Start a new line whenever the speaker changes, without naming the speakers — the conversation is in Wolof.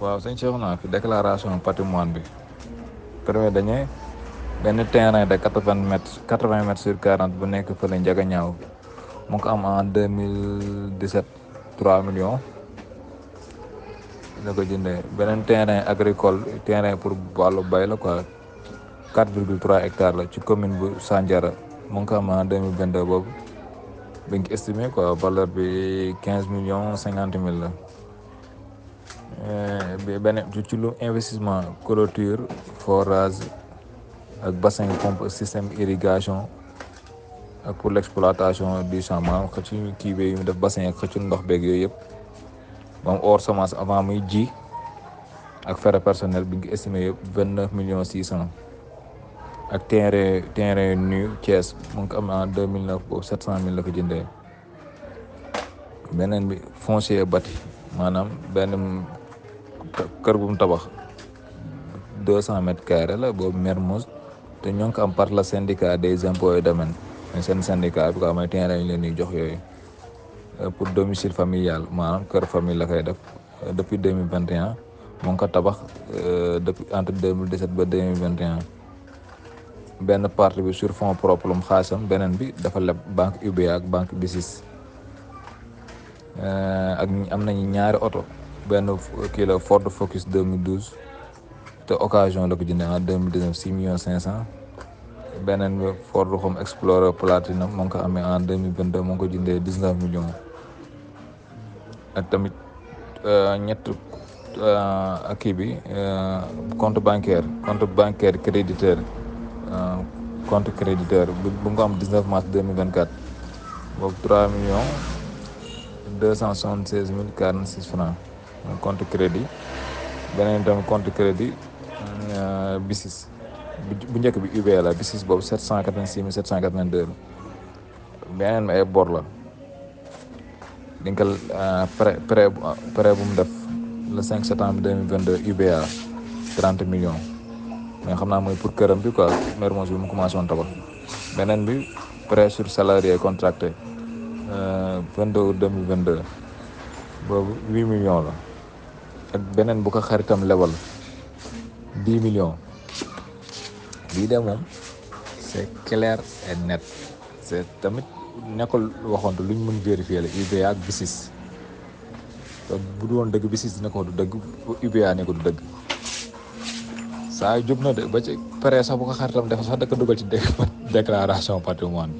waaw sëñ naa fi déclaration patrimoine bi prévu dañuy benn terrain de quatre vingt mètres quatre vingt mètres sur quarante bu nekk fële Ndiaga Niaw mu ko am en mil mille dix sept trois millions la ko jëndee beneen terrain agricole terrain pour wàllu bay la quoi quatre virgule trois hectares la ci commune bu Sandiara mu ngi ko am en deux mille vingt boobu bi nga estimé quoi valeur bi quinze millions cinquante mille la. Euh, beneen ci lu investissement clôture forage ak bassin pompe système irrigation ak pour l'exploitation du champ maanaam xëcc kii bi mu def bassin ak xëccul ndox beeg yooyu yëpp moom hors semence avant muy ji ak frais personnel bi ngi estimé yëpp vingt neuf millions six cent ak terrain terrain nu Thiès mu ngi ko am en deux mille neuf sept cent mille la ko jëndee beneen bi foncier bati maanaam benn kër bu mu tabax deux cent mètres carrés la boobu Mermoz te ñoo ngi ko am par la syndicat des impôts et domaines mooy seen syndicat bi ko amee terrain lañ leen di jox yooyu euh, pour domicile familial maanaam kër famille la koy def euh, depuis deux mille vingt et un mu ngi ko tabax euh, depuis entre deux mille dix sept ba deux mille vingt et un benn partie bi sur fonds propre lu mu xaasam beneen bi dafa leb banque UBA ak banque BICIS ak am nañu ñaari oto. benn kii la Ford Focus 2012 te occasion la ko jëndee en 2019 six millions cinq cent beneen bi Ford Home Explorer Platinum moo ngi ko amee en 2022 moo ngi ko jëndee dix neuf millions ak tamit euh, ñett euh, kii bi euh, compte bancaire compte bancaire créditeur compte créditeur bu ko am 19 mars 2024 boobu 3 millions deux cent soixante seize mille quarante six francs compte crédit beneen tam compte crédit euh, BICIS bu njëkk bi UB la BICIS boobu sept cent quatre-vingt-six mille sept cent quatre-vingt-deux la beneen ma ay bor la di nga euh, bu mu def le cinq septembre deux mille vingt-deux UBA trente millions mais xam naa mooy pour këram bi quoi Mermoz bi mu commencé woon tabax beneen bi prêt sur salarié contracté euh, vingt-deux août vingt-deux boobu huit millions la ak beneen bu ko xaritam lebal dix millions bii de moom c'est clair et net c'est tamit nekkul waxoonte luñ mën vérifier la UBA ak BICIS te bu du woon dëgg bisis dina ko du dëgg UBA ne ko du dëgg saa jub na de ba ci pare sax bu ko xaritam dafa sax da ko ci déclaration patrimoine